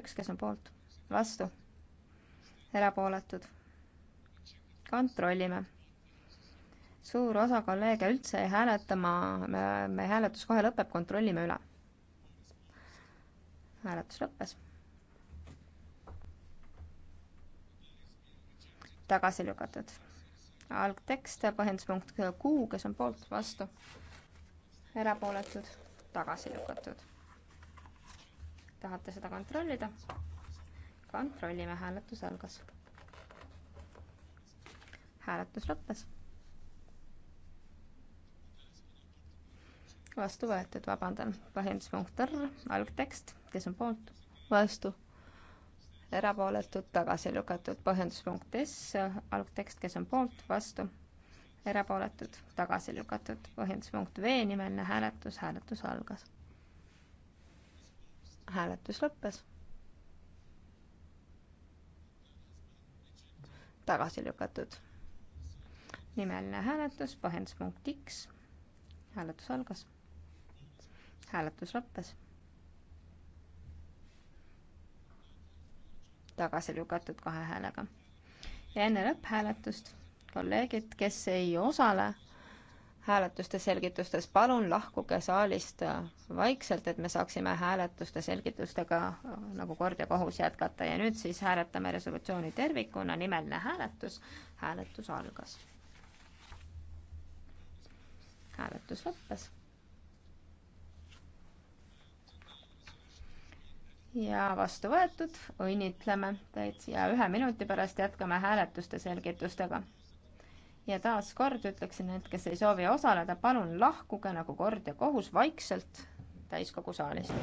üks, kes on poolt, vastu, erapooletud. kontrollime. suur osa kolleege üldse ei hääleta, ma, me hääletus kohe lõpeb, kontrollime üle. hääletus lõppes. tagasi lükatud. algtekst ja põhjenduspunkt Q, kes on poolt, vastu, erapooletud, tagasi lükatud tahate seda kontrollida? kontrollime, hääletus algas. hääletus lõppes. vastu võetud, vabandan, põhjenduspunkt R, algtekst, kes on poolt, vastu, erapooletud, tagasi lükatud, põhjenduspunkt S, algtekst, kes on poolt, vastu, erapooletud, tagasi lükatud, põhjenduspunkt V, nimeline hääletus, hääletus algas hääletus lõppes. tagasi lükatud. nimeline hääletus, põhjenduspunkt X. hääletus algas. hääletus lõppes. tagasi lükatud kahe häälega. ja enne lõpphääletust kolleegid, kes ei osale hääletuste selgitustes, palun lahkuge saalist vaikselt, et me saaksime hääletuste selgitustega äh, nagu kord ja kohus jätkata ja nüüd siis hääletame resolutsiooni tervikuna, nimeline hääletus, hääletus algas. hääletus lõppes. ja vastu võetud, õnnitleme teid ja ühe minuti pärast jätkame hääletuste selgitustega ja taaskord ütleksin need, kes ei soovi osaleda, palun lahkuge nagu kord ja kohus vaikselt täiskogu saalist.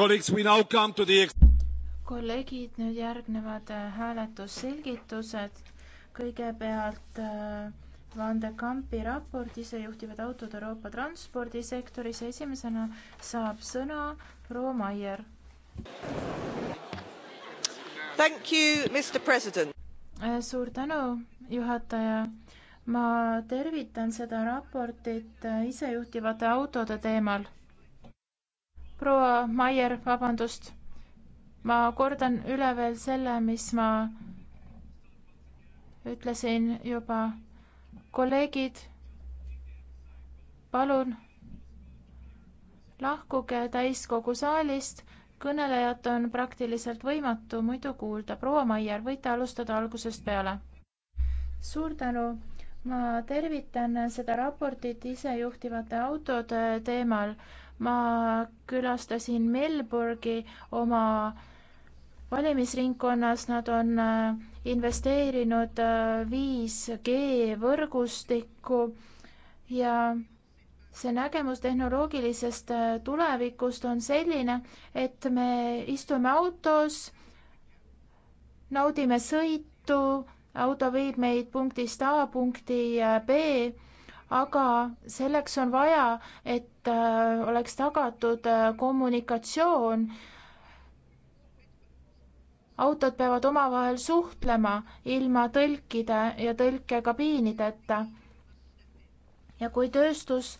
kolleegid, nüüd järgnevad äh, hääletusselgitused. kõigepealt äh, Van de Kampi raport isejuhtivad autod Euroopa transpordisektoris. esimesena saab sõna proua Maier. Äh, suur tänu, juhataja ma tervitan seda raportit isejuhtivate autode teemal proua Maier, vabandust. ma kordan üle veel selle, mis ma ütlesin juba. kolleegid, palun lahkuge täiskogu saalist, kõnelejat on praktiliselt võimatu muidu kuulda. proua Maier, võite alustada algusest peale. suur tänu ma tervitan seda raportit isejuhtivate autode teemal ma külastasin Melburgi oma valimisringkonnas, nad on äh, investeerinud 5G äh, võrgustikku ja see nägemus tehnoloogilisest äh, tulevikust on selline, et me istume autos, naudime sõitu, auto viib meid punktist A punkti B aga selleks on vaja, et äh, oleks tagatud äh, kommunikatsioon. autod peavad omavahel suhtlema ilma tõlkide ja tõlkekabiinideta. ja kui tööstus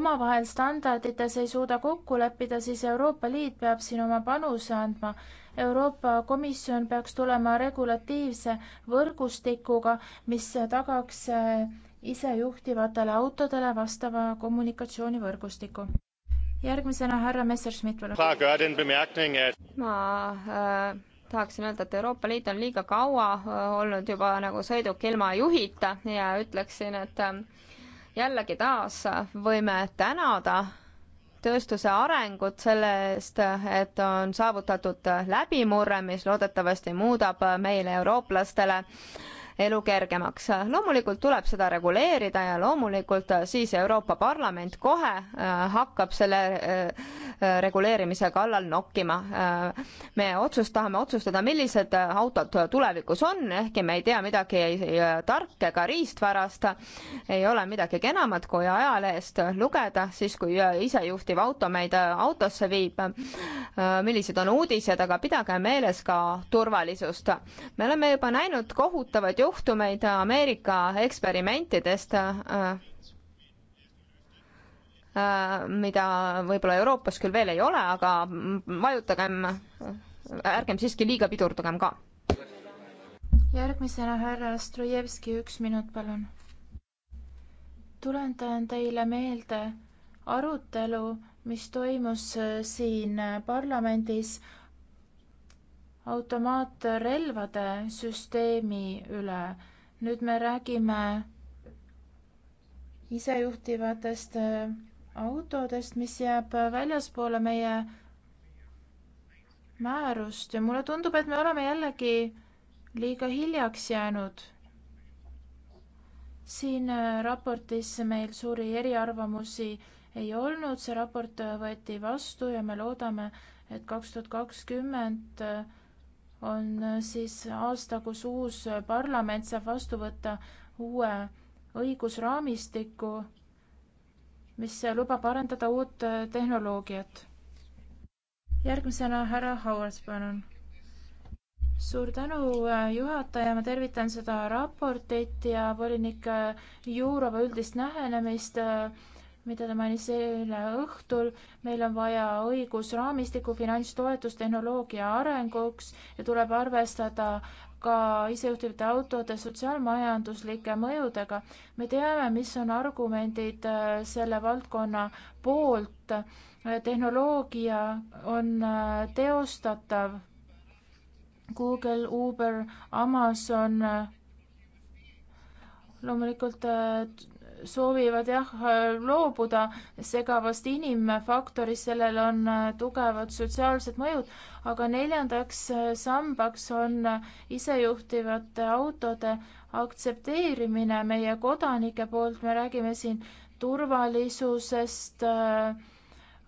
omavahel standardites ei suuda kokku leppida, siis Euroopa Liit peab siin oma panuse andma. Euroopa Komisjon peaks tulema regulatiivse võrgustikuga, mis tagaks äh, isejuhtivatele autodele vastava kommunikatsioonivõrgustiku. järgmisena härra Messerschmidt, palun. ma äh, tahaksin öelda, et Euroopa Liit on liiga kaua äh, olnud juba nagu sõiduk ilma juhita ja ütleksin, et äh, jällegi taas äh, võime tänada tööstuse arengut selle eest, et on saavutatud läbimurre, mis loodetavasti muudab meile, eurooplastele äh, elu kergemaks. loomulikult tuleb seda reguleerida ja loomulikult siis Euroopa Parlament kohe äh, hakkab selle äh, äh, reguleerimise kallal nokkima. me otsust, tahame otsustada, millised autod tulevikus on, ehkki me ei tea midagi ei, ei tark ega riistvarast, ei ole midagi kenamat, kui ajalehest lugeda, siis kui isejuhtiv auto meid autosse viib, millised on uudised, aga pidage meeles ka turvalisust. me oleme juba näinud kohutavaid juhtumeid, juhtumeid Ameerika eksperimentidest, äh, äh, mida võib-olla Euroopas küll veel ei ole, aga vajutagem, ärgem siiski liiga pidurdagem ka. järgmisena härra Strojevski, üks minut, palun. tuletan teile meelde arutelu, mis toimus äh, siin parlamendis automaatrelvade süsteemi üle. nüüd me räägime isejuhtivatest äh, autodest, mis jääb äh, väljaspoole meie määrust ja mulle tundub, et me oleme jällegi liiga hiljaks jäänud. siin äh, raportis meil suuri eriarvamusi ei olnud, see raport võeti vastu ja me loodame, et kaks tuhat kakskümmend on äh, siis aasta, kus uus parlament saab vastu võtta uue õigusraamistiku, mis lubab arendada uut äh, tehnoloogiat. järgmisena härra Howard, palun. suur tänu, äh, juhataja, ma tervitan seda raportit ja volinik Jurova üldist lähenemist äh, mida ta mainis eile õhtul. meil on vaja õigusraamistikku finantstoetustehnoloogia arenguks ja tuleb arvestada ka isejuhtivate autode sotsiaalmajanduslike mõjudega. me teame, mis on argumendid äh, selle valdkonna poolt. Äh, tehnoloogia on äh, teostatav. Google, Uber, Amazon loomulikult soovivad jah loobuda segavast inimfaktorist, sellel on äh, tugevad sotsiaalsed mõjud, aga neljandaks äh, sambaks on äh, isejuhtivate autode aktsepteerimine meie kodanike poolt, me räägime siin turvalisusest äh,,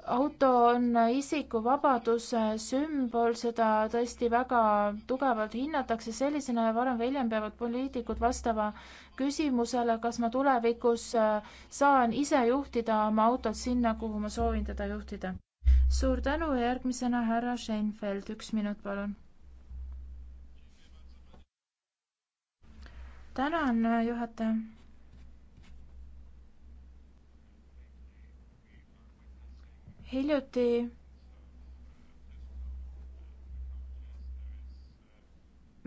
auto on isikuvabaduse sümbol, seda tõesti väga tugevalt hinnatakse sellisena ja varem või hiljem peavad poliitikud vastama küsimusele, kas ma tulevikus äh, saan ise juhtida oma autot sinna, kuhu ma soovin teda juhtida. suur tänu ja järgmisena härra Scheinfeld, üks minut, palun. tänan, äh, juhataja hiljuti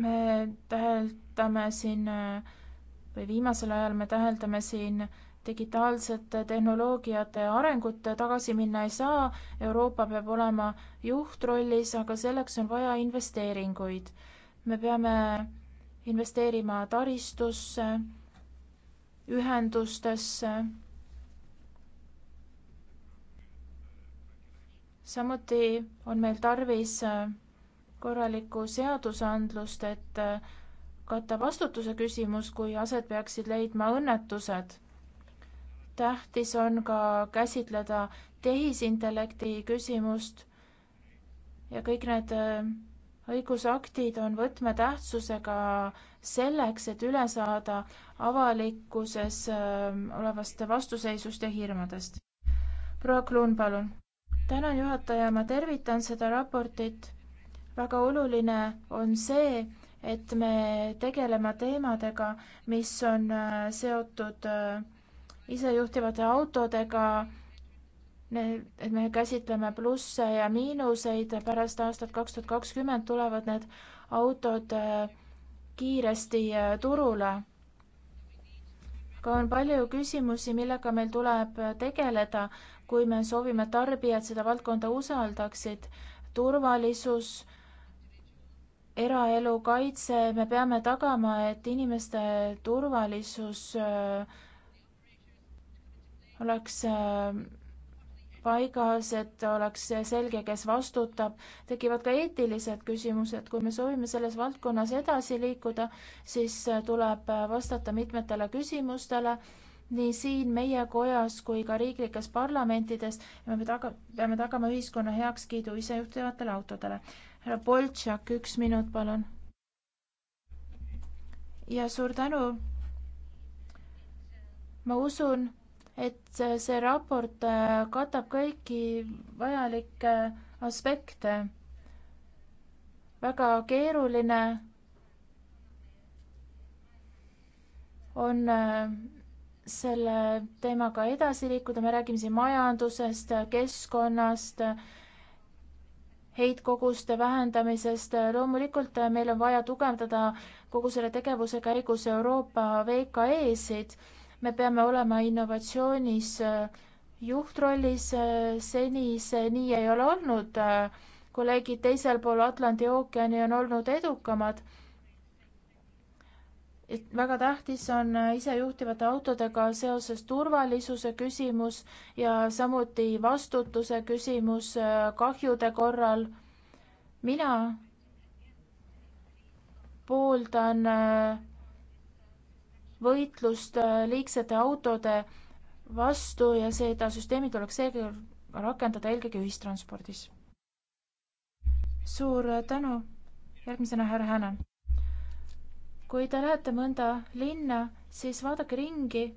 me täheldame siin või viimasel ajal me täheldame siin digitaalsete tehnoloogiate arengut tagasi minna ei saa, Euroopa peab olema juhtrollis, aga selleks on vaja investeeringuid. me peame investeerima taristusse, ühendustesse samuti on meil tarvis äh, korralikku seadusandlust, et äh, katta vastutuse küsimus, kui aset peaksid leidma õnnetused. tähtis on ka käsitleda tehisintellekti küsimust ja kõik need äh, õigusaktid on võtmetähtsusega selleks, et üle saada avalikkuses olevast vastuseisust ja hirmudest. proua Kluun, palun tänan juhataja, ma tervitan seda raportit. väga oluline on see, et me tegeleme teemadega, mis on äh, seotud äh, isejuhtivate autodega, et me käsitleme plusse ja miinuseid, pärast aastat kaks tuhat kakskümmend tulevad need autod äh, kiiresti turule ka on palju küsimusi, millega meil tuleb tegeleda, kui me soovime, et tarbijad seda valdkonda usaldaksid. turvalisus, eraelu kaitse, me peame tagama, et inimeste turvalisus äh, oleks äh, paigas, et oleks selge, kes vastutab. tekivad ka eetilised küsimused, kui me soovime selles valdkonnas edasi liikuda, siis tuleb vastata mitmetele küsimustele nii siin meie kojas kui ka riiklikes parlamentides ja me taga, peame tagama ühiskonna heakskiidu isejuhtivatele autodele. härra Boltšak, üks minut, palun. ja suur tänu. ma usun et see raport äh, katab kõiki vajalikke äh, aspekte. väga keeruline on äh, selle teemaga edasi liikuda, me räägime siin majandusest, keskkonnast, heitkoguste vähendamisest, loomulikult meil on vaja tugevdada kogu selle tegevuse käigus Euroopa VKE-sid me peame olema innovatsioonis äh, juhtrollis, äh, seni see nii ei ole olnud. Äh, kolleegid teisel pool Atlandi ookeani on olnud edukamad. et väga tähtis on isejuhtivate autodega seoses turvalisuse küsimus ja samuti vastutuse küsimus kahjude korral. mina pooldan äh, võitlust äh, liigsete autode vastu ja seda süsteemi tuleks seega rakendada eelkõige ühistranspordis. suur äh, tänu, järgmisena härra Hänen. kui te lähete mõnda linna, siis vaadake ringi,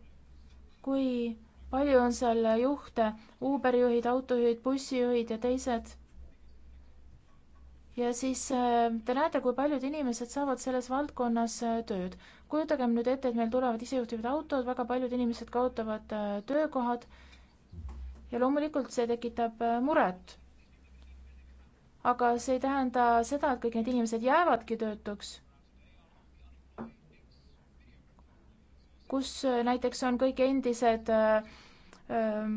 kui palju on seal juhte, Uberi juhid, autojuhid, bussijuhid ja teised ja siis äh, te näete, kui paljud inimesed saavad selles valdkonnas äh, tööd. kujutagem nüüd ette, et meil tulevad isejuhtivad autod, väga paljud inimesed kaotavad äh, töökohad ja loomulikult see tekitab muret. aga see ei tähenda seda, et kõik need inimesed jäävadki töötuks. kus näiteks on kõik endised ähm,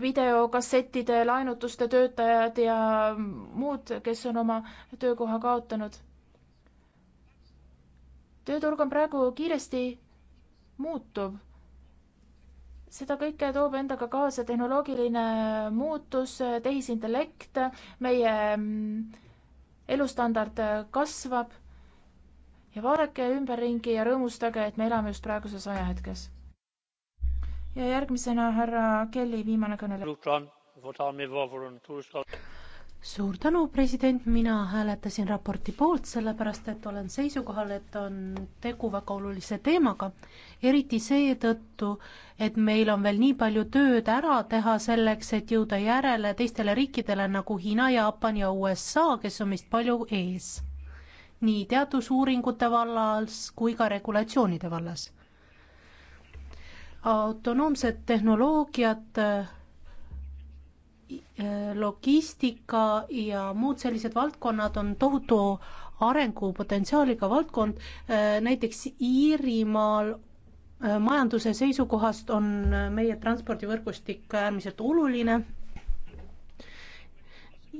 videokassettide laenutuste töötajad ja muud, kes on oma töökoha kaotanud. tööturg on praegu kiiresti muutuv. seda kõike toob endaga kaasa tehnoloogiline muutus, tehisintellekt, meie mm, elustandard kasvab ja vaadake ümberringi ja rõõmustage, et me elame just praeguses ajahetkes ja järgmisena härra Kelly, viimane kõneleja. suur tänu, president, mina hääletasin raporti poolt, sellepärast et olen seisukohal, et on tegu väga olulise teemaga, eriti seetõttu, et meil on veel nii palju tööd ära teha selleks, et jõuda järele teistele riikidele nagu Hiina, Jaapan ja USA, kes on meist palju ees nii teadusuuringute vallas kui ka regulatsioonide vallas autonoomsed tehnoloogiad, äh, logistika ja muud sellised valdkonnad on tohutu arengupotentsiaaliga valdkond, äh, näiteks Iirimaal äh, majanduse seisukohast on meie transpordivõrgustik äärmiselt oluline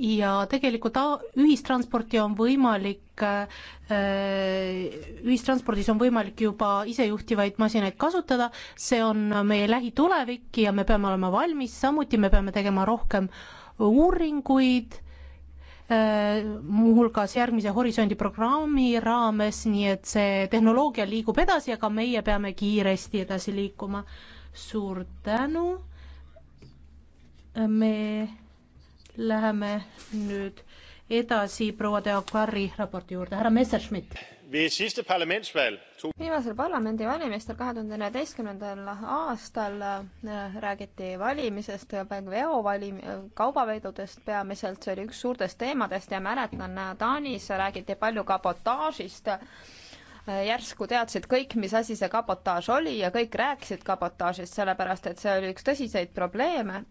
ja tegelikult ühistransporti on võimalik, äh, äh, ühistranspordis on võimalik juba isejuhtivaid masinaid kasutada, see on meie lähitulevik ja me peame olema valmis, samuti me peame tegema rohkem uuringuid, äh, muuhulgas järgmise Horisondi programmi raames, nii et see tehnoloogia liigub edasi, aga meie peame kiiresti edasi liikuma. suur tänu, me läheme nüüd edasi proua Deokari raporti juurde, härra Messerschmidt. viimasel parlamendivalimistel kahe tuhande neljateistkümnendal aastal äh, räägiti valimisest, veovalim-, äh, kaubaveidudest peamiselt, see oli üks suurtest teemadest ja mäletan, äh, Taanis räägiti palju kabotaažist järsku teadsid kõik, mis asi see kabotaaž oli ja kõik rääkisid kabotaažist, sellepärast et see oli üks tõsiseid probleeme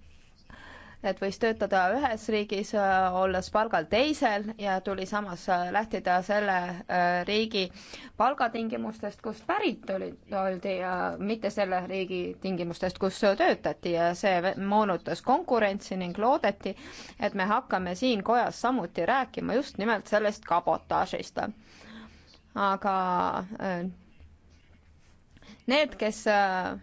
et võis töötada ühes riigis, olles palgal teisel ja tuli samas lähtida selle äh, riigi palgatingimustest, kust pärit oli, oldi ja mitte selle riigi tingimustest, kus töötati ja see moonutas konkurentsi ning loodeti, et me hakkame siin kojas samuti rääkima just nimelt sellest kabotaažist. aga äh, need, kes äh,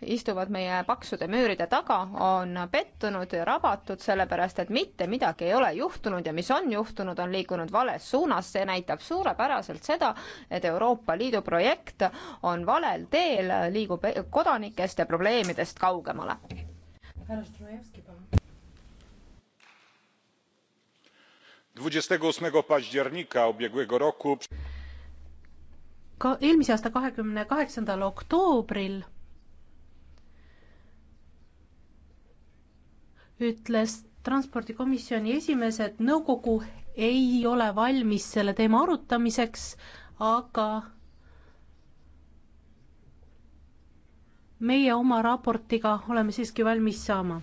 istuvad meie paksude müüride taga, on pettunud ja rabatud, sellepärast et mitte midagi ei ole juhtunud ja mis on juhtunud, on liikunud vales suunas, see näitab suurepäraselt seda, et Euroopa Liidu projekt on valel teel, liigub e-, kodanikest ja probleemidest kaugemale. härra Strojevski, palun. dwadzieścia osiem października ubiegłego roku ka eelmise aasta kahekümne kaheksandal oktoobril ütles transpordikomisjoni esimees, et nõukogu ei ole valmis selle teema arutamiseks, aga meie oma raportiga oleme siiski valmis saama.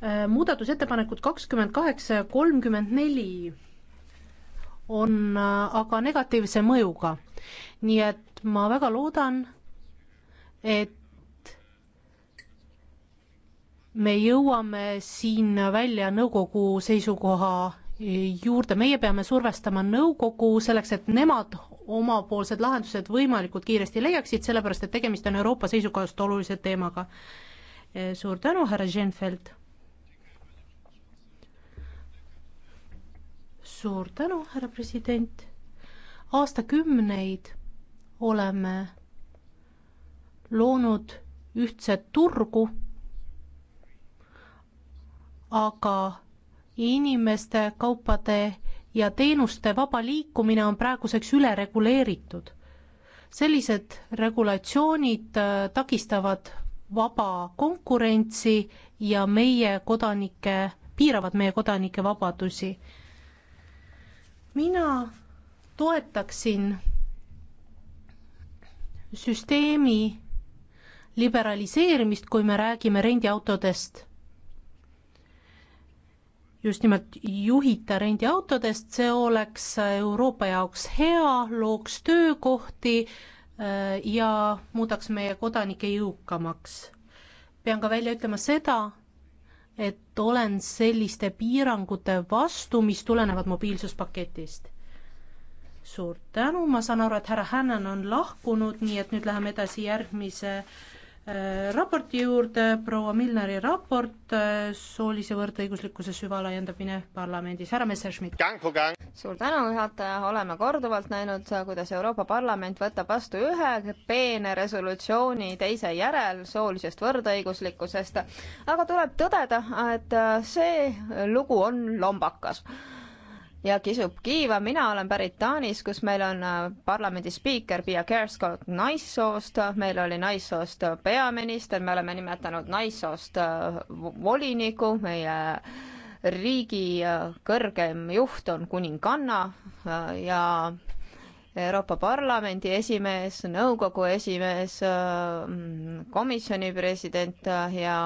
Äh, muudatusettepanekud kakskümmend kaheksa ja kolmkümmend neli on äh, aga negatiivse mõjuga. nii et ma väga loodan, et me jõuame siin välja nõukogu seisukoha juurde, meie peame survestama nõukogu selleks, et nemad omapoolsed lahendused võimalikult kiiresti leiaksid, sellepärast et tegemist on Euroopa seisukohast olulise teemaga. suur tänu, härra Schenfeld. suur tänu, härra president. aastakümneid oleme loonud ühtset turgu aga inimeste, kaupade ja teenuste vaba liikumine on praeguseks ülereguleeritud. sellised regulatsioonid äh, takistavad vaba konkurentsi ja meie kodanike, piiravad meie kodanike vabadusi. mina toetaksin süsteemi liberaliseerimist, kui me räägime rendiautodest just nimelt juhita rendiautodest, see oleks Euroopa jaoks hea, looks töökohti äh, ja muudaks meie kodanikke jõukamaks. pean ka välja ütlema seda, et olen selliste piirangute vastu, mis tulenevad mobiilsuspaketist. suur tänu, ma saan aru, et härra Hännan on lahkunud, nii et nüüd läheme edasi järgmise Äh, raporti juurde, proua Milneri raport äh, soolise võrdõiguslikkuse süvalaiendamine parlamendis, härra Messerschmidt. suur tänu, juhataja, oleme korduvalt näinud, kuidas Euroopa Parlament võtab vastu ühe peene resolutsiooni teise järel soolisest võrdõiguslikkusest, aga tuleb tõdeda, et äh, see lugu on lombakas ja kisub kiiva, mina olen pärit Taanis, kus meil on äh, parlamendi spiiker Pia Kerskog naissoost, meil oli naissoost äh, peaminister, me oleme nimetanud naissoost äh, voliniku, meie riigi kõrgem juht on kuninganna ja Euroopa Parlamendi esimees, nõukogu esimees, mm, komisjoni president ja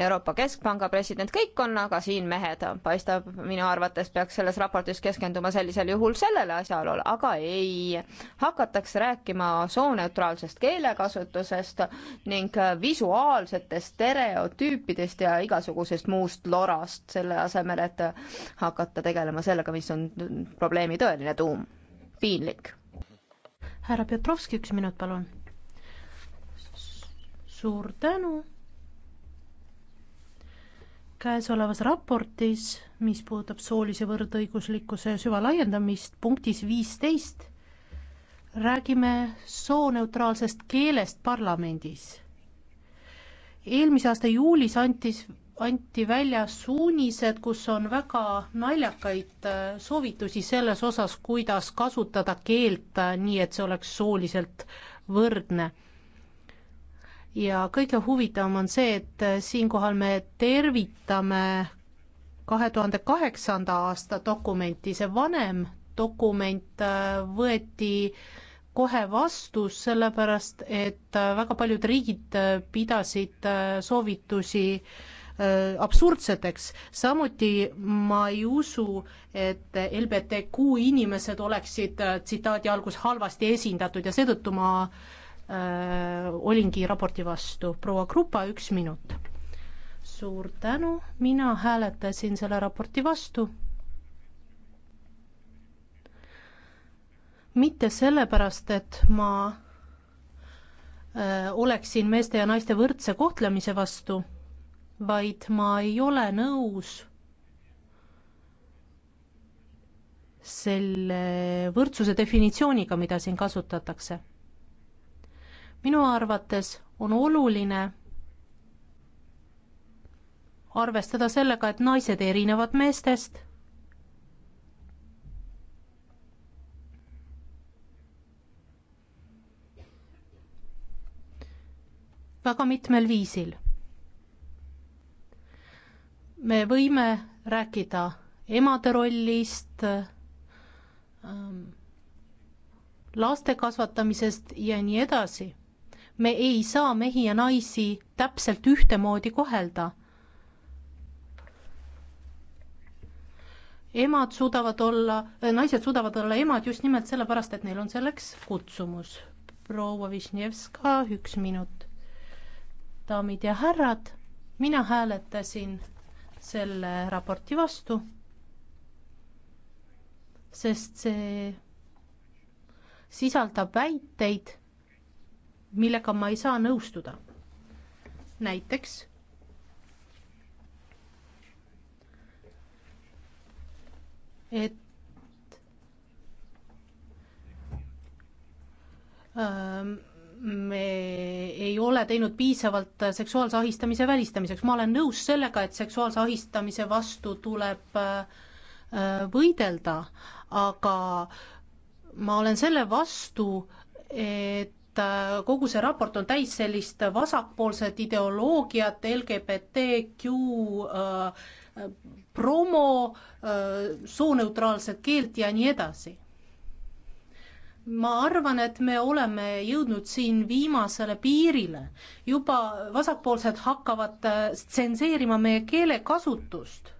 Euroopa Keskpanga president, kõik on aga siin mehed, paistab minu arvates peaks selles raportis keskenduma sellisel juhul sellele asjaolule, aga ei. hakatakse rääkima sooneutraalsest keelekasutusest ning visuaalsetest stereotüüpidest ja igasugusest muust lorast, selle asemel, et hakata tegelema sellega, mis on probleemi tõeline tuum. piinlik. härra Petrovski, üks minut, palun. suur tänu käesolevas raportis, mis puudutab soolise võrdõiguslikkuse süvalaiendamist, punktis viisteist räägime sooneutraalsest keelest parlamendis. eelmise aasta juulis antis, anti välja suunised, kus on väga naljakaid äh, soovitusi selles osas, kuidas kasutada keelt äh, nii, et see oleks sooliselt võrdne ja kõige huvitavam on see, et äh, siinkohal me tervitame kahe tuhande kaheksanda aasta dokumenti, see vanem dokument äh, võeti kohe vastus, sellepärast et äh, väga paljud riigid pidasid soovitusi absurdseteks, samuti ma ei usu, et LBTQ inimesed oleksid tsitaadi algus halvasti esindatud ja seetõttu ma äh, Äh, olingi raporti vastu. proua Krupa, üks minut. suur tänu, mina hääletasin selle raporti vastu. mitte sellepärast, et ma äh, oleksin meeste ja naiste võrdse kohtlemise vastu, vaid ma ei ole nõus selle võrdsuse definitsiooniga, mida siin kasutatakse minu arvates on oluline arvestada sellega, et naised erinevad meestest. väga mitmel viisil. me võime rääkida emade rollist, ähm, laste kasvatamisest ja nii edasi me ei saa mehi ja naisi täpselt ühtemoodi kohelda. emad suudavad olla, äh, naised suudavad olla emad just nimelt sellepärast, et neil on selleks kutsumus. proua Višnjevska, üks minut. daamid ja härrad, mina hääletasin selle raporti vastu, sest see sisaldab väiteid millega ma ei saa nõustuda. näiteks et ähm, me ei ole teinud piisavalt seksuaalse ahistamise välistamiseks, ma olen nõus sellega, et seksuaalse ahistamise vastu tuleb äh, võidelda, aga ma olen selle vastu, et Äh, kogu see raport on täis sellist vasakpoolset ideoloogiat, LGBTQ äh, promo äh,, sooneutraalset keelt ja nii edasi. ma arvan, et me oleme jõudnud siin viimasele piirile. juba vasakpoolsed hakkavad äh, tsenseerima meie keelekasutust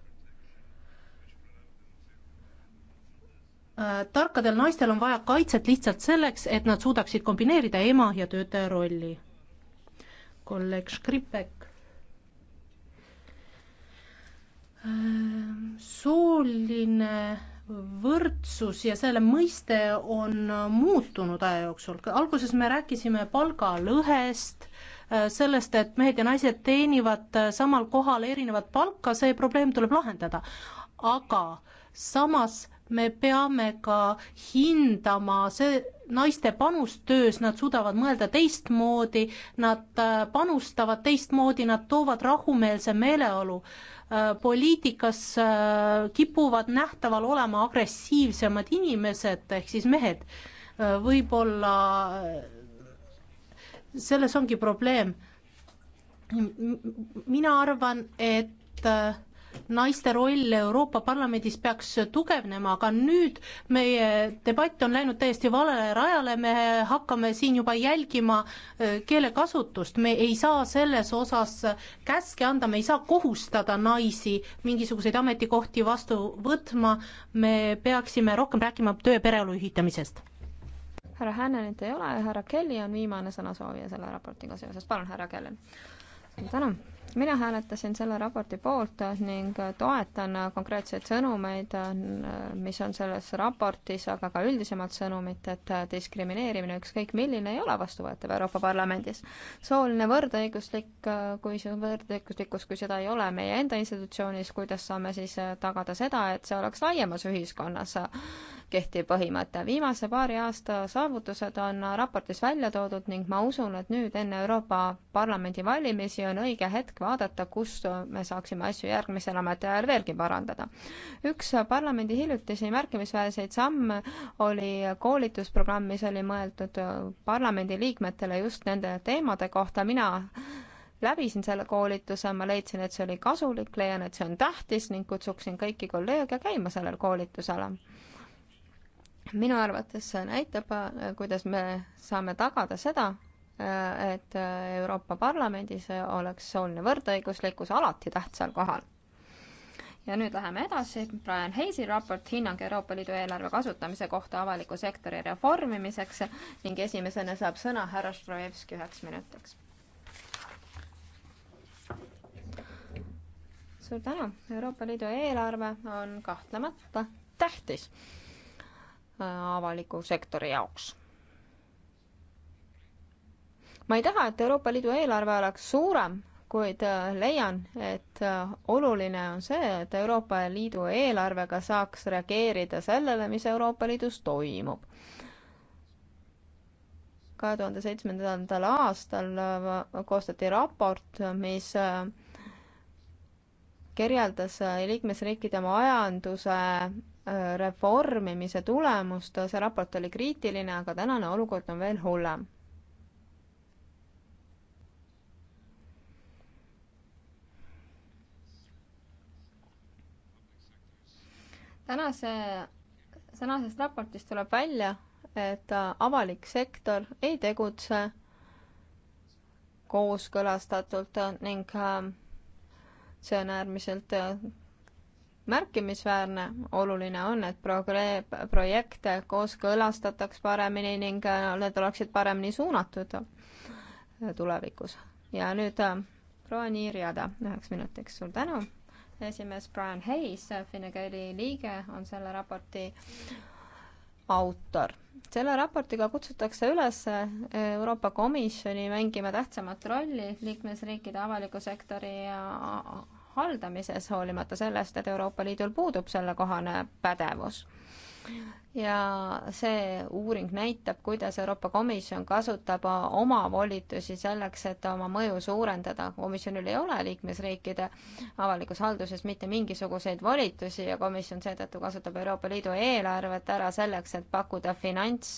Äh, tarkadel naistel on vaja kaitset lihtsalt selleks, et nad suudaksid kombineerida ema ja töötaja rolli. kolleeg Škripek. Äh, sooline võrdsus ja selle mõiste on muutunud aja jooksul, alguses me rääkisime palgalõhest, äh, sellest, et mehed ja naised teenivad samal kohal erinevat palka, see probleem tuleb lahendada. aga samas me peame ka hindama see, naiste panust töös, nad suudavad mõelda teistmoodi, nad äh, panustavad teistmoodi, nad toovad rahumeelse meeleolu. Äh, poliitikas äh, kipuvad nähtaval olema agressiivsemad inimesed ehk siis mehed. võib-olla selles ongi probleem. mina arvan, et naiste roll Euroopa Parlamendis peaks tugevnema, aga nüüd meie debatt on läinud täiesti valele rajale, me hakkame siin juba jälgima äh, keelekasutust, me ei saa selles osas käske anda, me ei saa kohustada naisi mingisuguseid ametikohti vastu võtma, me peaksime rohkem rääkima töö ja pereelu ühitamisest. härra Hännenit ei ole, härra Kelly on viimane sõnasoovija selle raportiga seoses, palun, härra Kelly. suur tänu mina hääletasin selle raporti poolt ning toetan konkreetseid sõnumeid, mis on selles raportis, aga ka üldisemalt sõnumit, et diskrimineerimine, ükskõik milline, ei ole vastuvõetav Euroopa Parlamendis. sooline võrdõiguslik, kui see võrdõiguslikkus, kui seda ei ole meie enda institutsioonis, kuidas saame siis tagada seda, et see oleks laiemas ühiskonnas kehtiv põhimõte. viimase paari aasta saavutused on raportis välja toodud ning ma usun, et nüüd enne Euroopa Parlamendi valimisi on õige hetk vaadata, kus me saaksime asju järgmisel ametiajal veelgi parandada. üks parlamendi hiljutisi märkimisväärseid samme oli koolitusprogramm, mis oli mõeldud parlamendiliikmetele just nende teemade kohta, mina läbisin selle koolituse, ma leidsin, et see oli kasulik, leian, et see on tähtis ning kutsuksin kõiki kolleege käima sellel koolitusel. minu arvates see näitab, kuidas me saame tagada seda, Äh, et äh, Euroopa Parlamendis oleks sooline võrdõiguslikkus alati tähtsal kohal. ja nüüd läheme edasi, Brian Hayes'i raport Hinnang Euroopa Liidu eelarve kasutamise kohta avaliku sektori reformimiseks ning esimesena saab sõna härra Strojevski üheks minutiks. suur tänu, Euroopa Liidu eelarve on kahtlemata tähtis äh, avaliku sektori jaoks ma ei taha, et Euroopa Liidu eelarve oleks suurem, kuid äh, leian, et äh, oluline on see, et Euroopa Liidu eelarvega saaks reageerida sellele, mis Euroopa Liidus toimub. kahe tuhande seitsmendal aastal äh, koostati raport, mis kirjeldas liikmesriikide majanduse reformimise tulemust, see raport oli kriitiline, aga tänane olukord on veel hullem tänase, tänasest raportist tuleb välja, et avalik sektor ei tegutse kooskõlastatult ning ähm, see on äärmiselt äh, märkimisväärne. oluline on, et progre-, projekte kooskõlastataks paremini ning äh, need oleksid paremini suunatud äh, tulevikus. ja nüüd proua Niir Jada üheks minutiks, suur tänu! esimees Brian Hayes, Fine Gaeli liige, on selle raporti autor. selle raportiga kutsutakse üles Euroopa Komisjoni mängima tähtsamat rolli liikmesriikide avaliku sektori haldamises, hoolimata sellest, et Euroopa Liidul puudub sellekohane pädevus ja see uuring näitab, kuidas Euroopa Komisjon kasutab oma volitusi selleks, et oma mõju suurendada. komisjonil ei ole liikmesriikide avalikus halduses mitte mingisuguseid volitusi ja komisjon seetõttu kasutab Euroopa Liidu eelarvet ära selleks, et pakkuda finants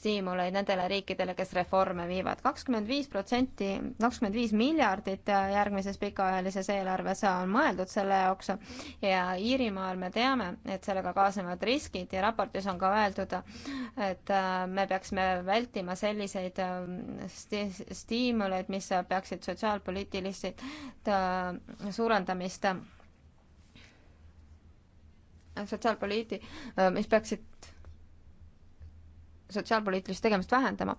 stiimuleid nendele riikidele, kes reforme viivad. kakskümmend viis protsenti, kakskümmend viis miljardit järgmises pikaajalises eelarves on mõeldud selle jaoks ja Iirimaal me teame, et sellega kaasnevad riskid ja raportis on ka öeldud, et äh, me peaksime vältima selliseid äh, sti-, stiimuleid, mis peaksid sotsiaalpoliitilist äh, suurendamist sotsiaalpoliiti, mis peaksid sotsiaalpoliitilist tegemist vähendama.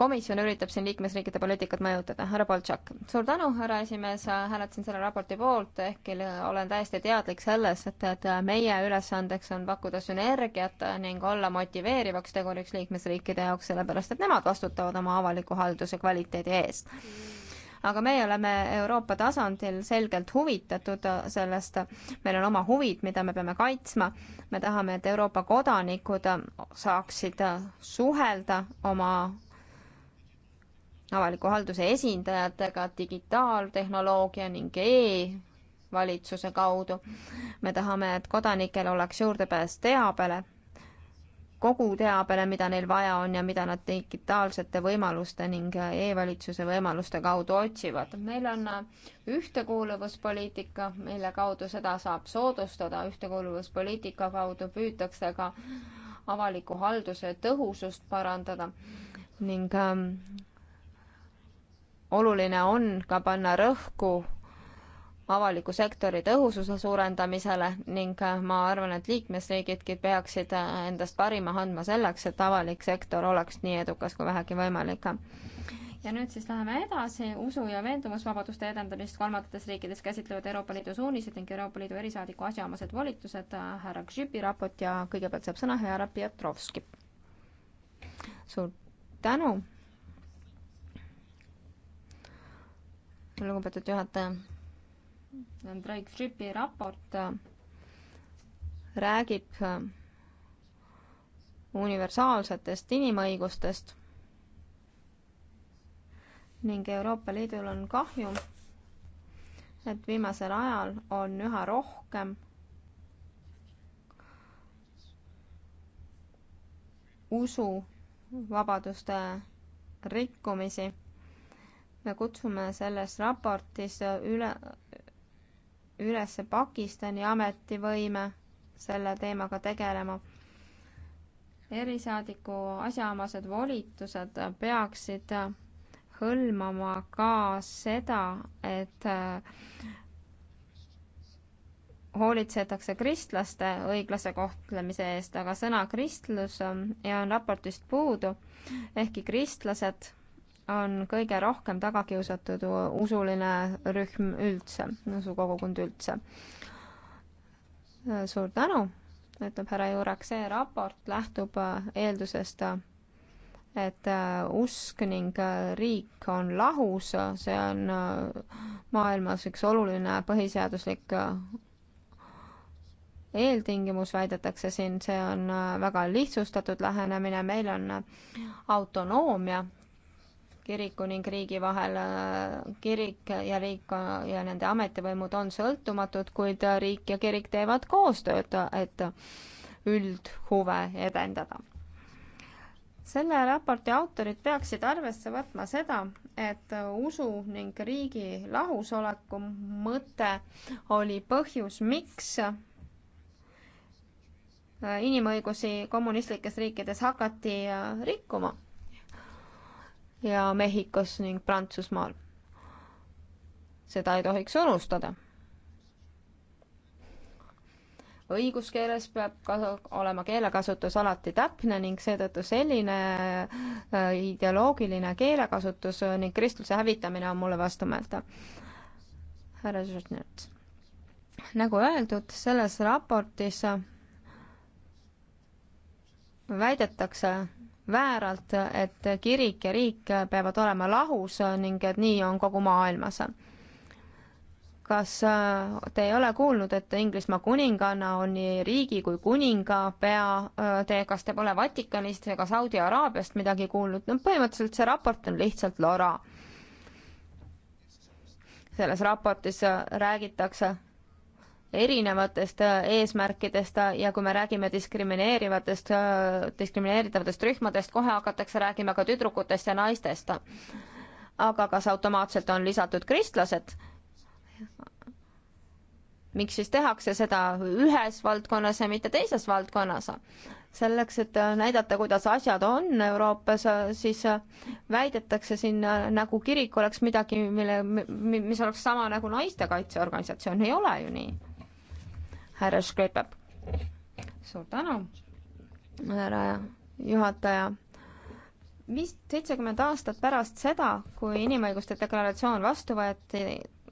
Komisjon üritab siin liikmesriikide poliitikat mõjutada. härra Boltšak, suur tänu, härra esimees, hääletasin selle raporti poolt, ehkki olen täiesti teadlik selles, et, et meie ülesandeks on pakkuda sünergiat ning olla motiveerivaks teguriks liikmesriikide jaoks, sellepärast et nemad vastutavad oma avaliku halduse kvaliteedi eest aga meie oleme Euroopa tasandil selgelt huvitatud sellest, meil on oma huvid, mida me peame kaitsma, me tahame, et Euroopa kodanikud saaksid suhelda oma avaliku halduse esindajatega digitaaltehnoloogia ning e-valitsuse kaudu. me tahame, et kodanikel oleks juurdepääs teabele kogu teabele, mida neil vaja on ja mida nad digitaalsete võimaluste ning e-valitsuse võimaluste kaudu otsivad. meil on ühtekuuluvuspoliitika, mille kaudu seda saab soodustada, ühtekuuluvuspoliitika kaudu püütakse ka avaliku halduse tõhusust parandada ning ähm, oluline on ka panna rõhku avaliku sektori tõhususe suurendamisele ning äh, ma arvan, et liikmesriigidki peaksid äh, endast parima andma selleks, et avalik sektor oleks nii edukas kui vähegi võimalik ja nüüd siis läheme edasi, usu- ja veendumusvabaduste edendamist kolmandates riikides käsitlevad Euroopa Liidu suunised ning Euroopa Liidu erisaadiku asjaomased volitused, äh, härra Gžipi raport ja kõigepealt saab sõna härra Pietrovski. suur tänu, lugupeetud juhataja Drake Frippi raport äh, räägib äh, universaalsetest inimõigustest ning Euroopa Liidul on kahju, et viimasel ajal on üha rohkem usuvabaduste rikkumisi. me kutsume selles raportis üle üles Pakistani ametivõime selle teemaga tegelema. erisaadiku asjaomased volitused peaksid hõlmama ka seda, et äh, hoolitsetakse kristlaste õiglase kohtlemise eest, aga sõna kristlus on, äh, on raportist puudu, ehkki kristlased on kõige rohkem tagakiusatud usuline rühm üldse, usukogukond üldse. suur tänu, ütleb härra Juurak, see raport lähtub äh, eeldusest, äh, et äh, usk ning riik on lahus, see on maailmas üks oluline põhiseaduslik eeltingimus, väidetakse siin, see on väga lihtsustatud lähenemine, meil on autonoomia kiriku ning riigi vahel. Äh, kirik ja riik äh, ja nende ametivõimud on sõltumatud, kuid äh, riik ja kirik teevad koostööd, et üldhuve edendada. selle raporti autorid peaksid arvesse võtma seda, et usu ning riigi lahusoleku mõte oli põhjus, miks inimõigusi kommunistlikes riikides hakati rikkuma ja Mehhikos ning Prantsusmaal. seda ei tohiks unustada. õiguskeeles peab ka olema keelekasutus alati täpne ning seetõttu selline äh, ideoloogiline keelekasutus ning kristluse hävitamine on mulle vastumõeldav. härra Žutnjats. nagu öeldud, selles raportis väidetakse vääralt, et kirik ja riik peavad olema lahus ning et nii on kogu maailmas. kas äh, te ei ole kuulnud, et Inglismaa kuninganna on nii riigi kui kuningapea, äh, te, kas te pole Vatikanist ega Saudi Araabiast midagi kuulnud, no põhimõtteliselt see raport on lihtsalt lora. selles raportis äh, räägitakse erinevatest äh, eesmärkidest äh, ja kui me räägime diskrimineerivatest, äh, diskrimineeritavatest rühmadest, kohe hakatakse rääkima ka tüdrukutest ja naistest. aga kas automaatselt on lisatud kristlased? miks siis tehakse seda ühes valdkonnas ja mitte teises valdkonnas? selleks, et näidata, kuidas asjad on Euroopas, siis väidetakse siin nagu kirik oleks midagi, mille, mis oleks sama nagu naistekaitseorganisatsioon, ei ole ju nii härra Škripep. suur tänu, härra juhataja viis, seitsekümmend aastat pärast seda, kui inimõiguste deklaratsioon vastu võeti,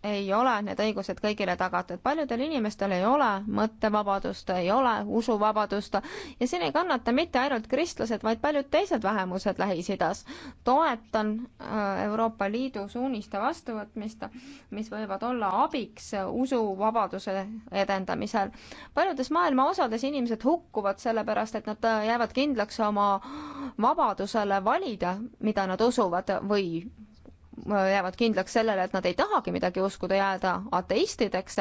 ei ole need õigused kõigile tagatud. paljudel inimestel ei ole mõttevabadust, ei ole usuvabadust ja siin ei kannata mitte ainult kristlased, vaid paljud teised vähemused Lähis-Idas. toetan äh, Euroopa Liidu suuniste vastuvõtmist, mis võivad olla abiks usuvabaduse edendamisel. paljudes maailma osades inimesed hukkuvad sellepärast, et nad äh, jäävad kindlaks oma vabadusele valida, mida nad usuvad või jäävad kindlaks sellele, et nad ei tahagi midagi uskuda, jääda ateistideks.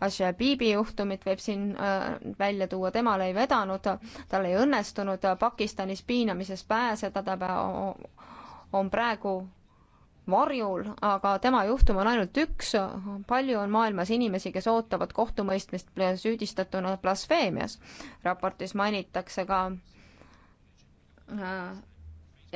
Asher Bibi juhtumit võib siin äh, välja tuua, temal ei vedanud, tal ei õnnestunud Pakistanis piinamisest pääseda, ta on praegu varjul, aga tema juhtum on ainult üks, palju on maailmas inimesi, kes ootavad kohtumõistmist süüdistatuna blasfeemias. raportis mainitakse ka äh,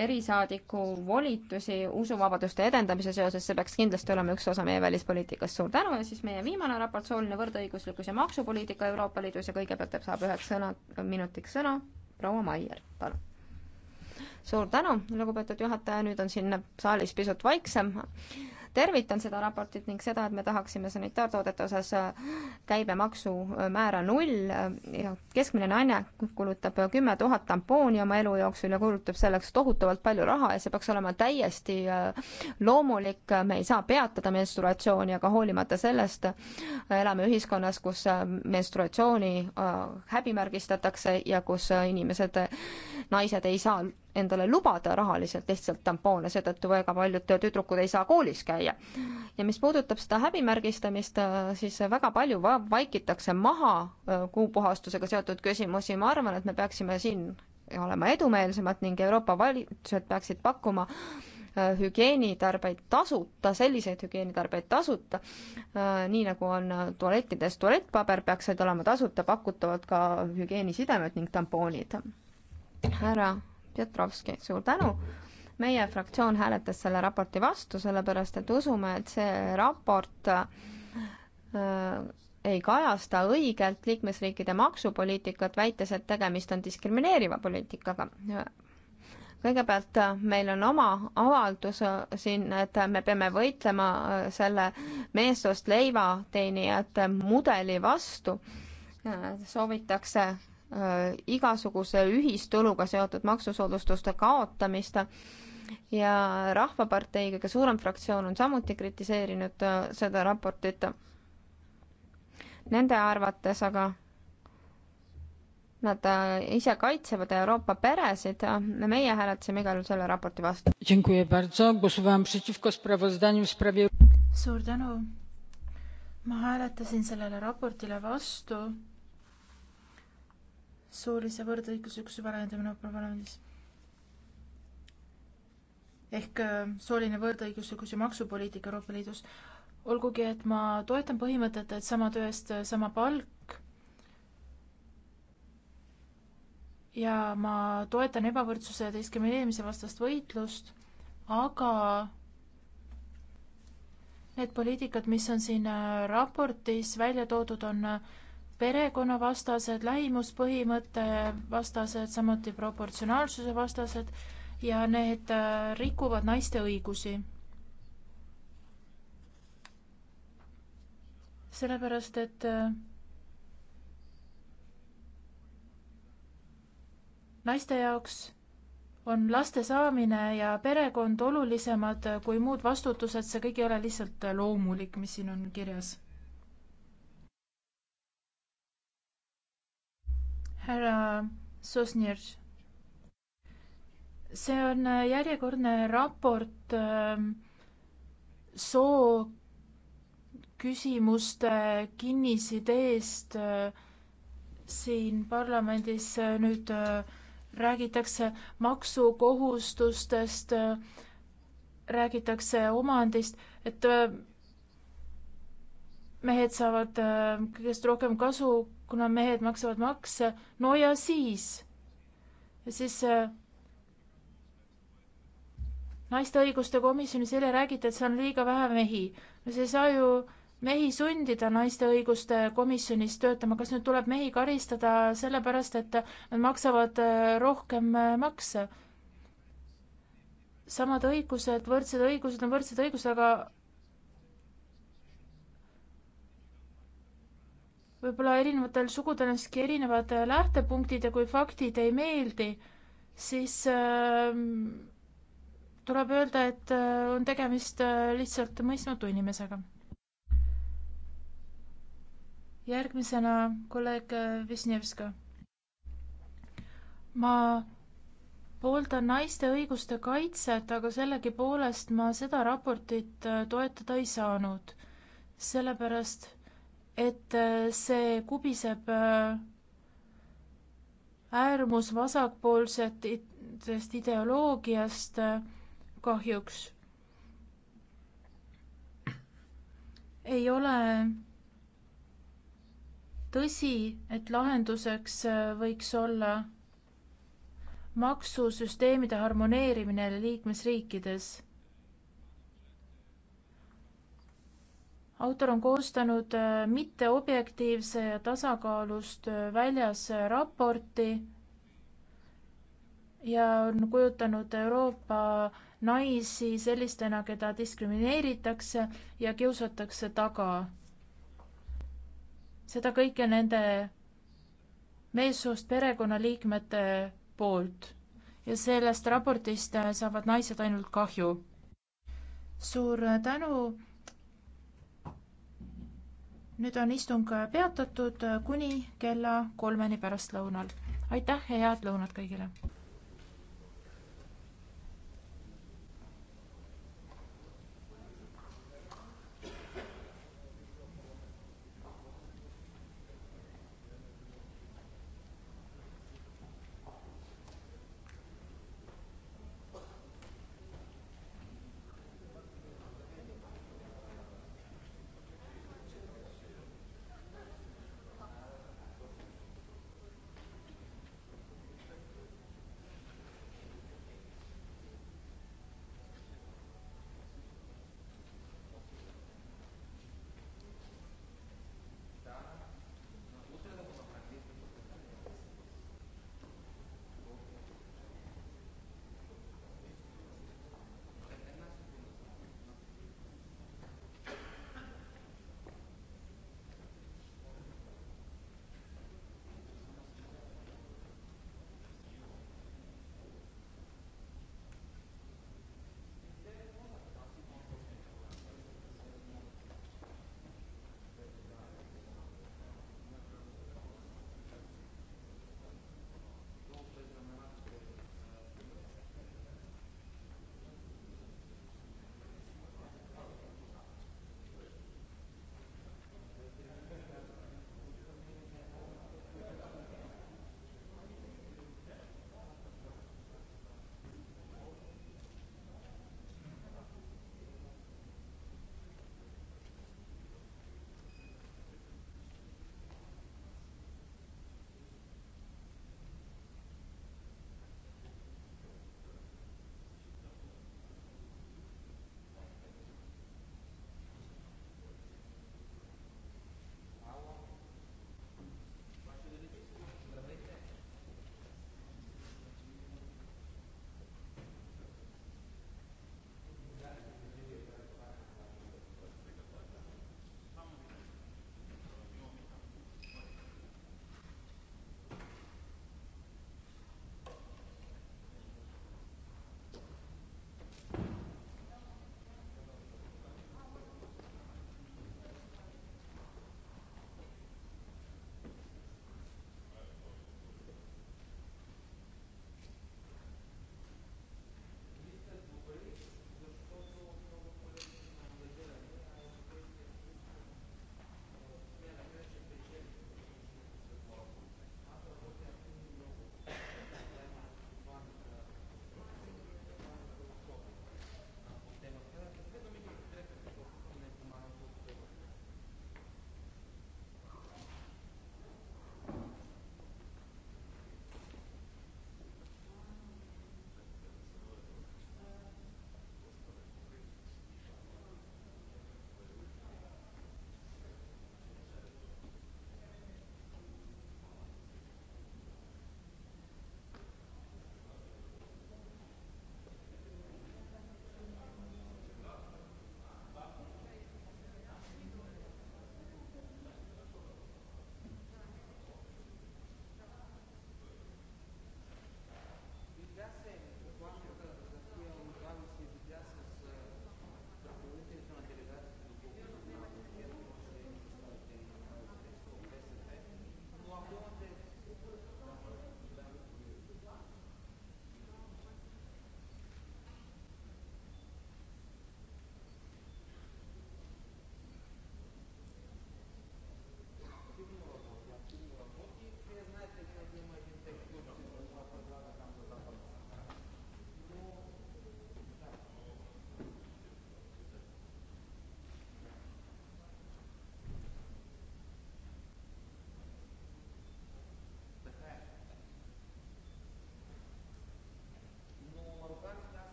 erisaadiku volitusi usuvabaduste edendamise seoses, see peaks kindlasti olema üks osa meie välispoliitikast. suur tänu ja siis meie viimane raport, sooline võrdõiguslikkus ja maksupoliitika Euroopa Liidus ja kõigepealt saab üheks sõna, minutiks sõna proua Maier, palun. suur tänu, lugupeetud juhataja, nüüd on siin saalis pisut vaiksem tervitan seda raportit ning seda, et me tahaksime sanitaartoodete osas äh, käibemaksu äh, määra null äh, ja keskmine naine kulutab kümme tuhat tampooni oma elu jooksul ja kulutab selleks tohutavalt palju raha ja see peaks olema täiesti loomulik, me ei saa peatada menstruatsiooni, aga hoolimata sellest elame ühiskonnas, kus menstruatsiooni häbimärgistatakse ja kus inimesed, naised ei saa endale lubada rahaliselt lihtsalt tampoone, seetõttu väga paljud tüdrukud ei saa koolis käia. ja mis puudutab seda häbimärgistamist, siis väga palju va vaikitakse maha äh, kuupuhastusega seotud küsimusi, ma arvan, et me peaksime siin olema edumeelsemad ning Euroopa valitsused peaksid pakkuma äh, hügieenitarbeid tasuta, selliseid hügieenitarbeid tasuta, äh, nii nagu on tualettides tualettpaber, peaksid olema tasuta pakutavad ka hügieenisidemed ning tampoonid. härra Pjotrovski, suur tänu! meie fraktsioon hääletas selle raporti vastu, sellepärast et usume, et see raport äh, ei kajasta õigelt liikmesriikide maksupoliitikat, väites, et tegemist on diskrimineeriva poliitikaga. kõigepealt äh, meil on oma avaldus äh, siin, et me peame võitlema äh, selle meessoost leivateenijate mudeli vastu. soovitakse Äh, igasuguse ühistuluga seotud maksusoodustuste kaotamist ja Rahvapartei kõige suurem fraktsioon on samuti kritiseerinud äh, seda raportit. Nende arvates aga nad äh, ise kaitsevad Euroopa peresid, meie hääletasime igal juhul selle raporti vastu. suur tänu. ma hääletasin sellele raportile vastu soolise võrdõiguslikkuse parandamine Euroopa Parlamendis. ehk äh, sooline võrdõiguslikkus ja maksupoliitika Euroopa Liidus. olgugi, et ma toetan põhimõtet, et sama töö eest äh, sama palk ja ma toetan ebavõrdsuse ja diskrimineerimise vastast võitlust, aga need poliitikad, mis on siin äh, raportis välja toodud, on perekonnavastased, lähimuspõhimõtte vastased, samuti proportsionaalsuse vastased ja need äh, rikuvad naiste õigusi. sellepärast, et äh, naiste jaoks on laste saamine ja perekond olulisemad kui muud vastutused, see kõik ei ole lihtsalt loomulik, mis siin on kirjas härra Sosnirš. see on äh, järjekordne raport ähm, soo küsimuste kinnisideest äh, siin parlamendis äh, nüüd räägitakse maksukohustustest, räägitakse omandist, et mehed saavad äh, kõigest rohkem kasu, kuna mehed maksavad makse, no ja siis, ja siis äh, naiste õiguste komisjonis eile räägiti, et seal on liiga vähe mehi. no see ei saa ju mehi sundida naiste õiguste komisjonis töötama, kas nüüd tuleb mehi karistada sellepärast, et nad maksavad äh, rohkem makse? samad õigused, võrdsed õigused on võrdsed õigused, aga võib-olla erinevatel sugudel on siiski erinevad äh, lähtepunktid ja kui faktid ei meeldi, siis äh, tuleb öelda, et äh, on tegemist äh, lihtsalt mõistmatu inimesega. järgmisena kolleeg Visnevska. Äh, ma pooldan naiste õiguste kaitset, aga sellegipoolest ma seda raportit äh, toetada ei saanud, sellepärast et äh, see kubiseb äh, äärmusvasakpoolsetest ideoloogiast äh, kahjuks. ei ole tõsi, et lahenduseks võiks olla maksusüsteemide harmoneerimine liikmesriikides autor on koostanud äh, mitteobjektiivse ja tasakaalust äh, väljas äh, raporti ja on kujutanud Euroopa naisi sellistena, keda diskrimineeritakse ja kiusatakse taga. seda kõike nende meessoost perekonnaliikmete poolt ja sellest raportist saavad naised ainult kahju. suur tänu nüüd on istung peatatud kuni kella kolmeni pärastlõunal. aitäh ja head lõunat kõigile!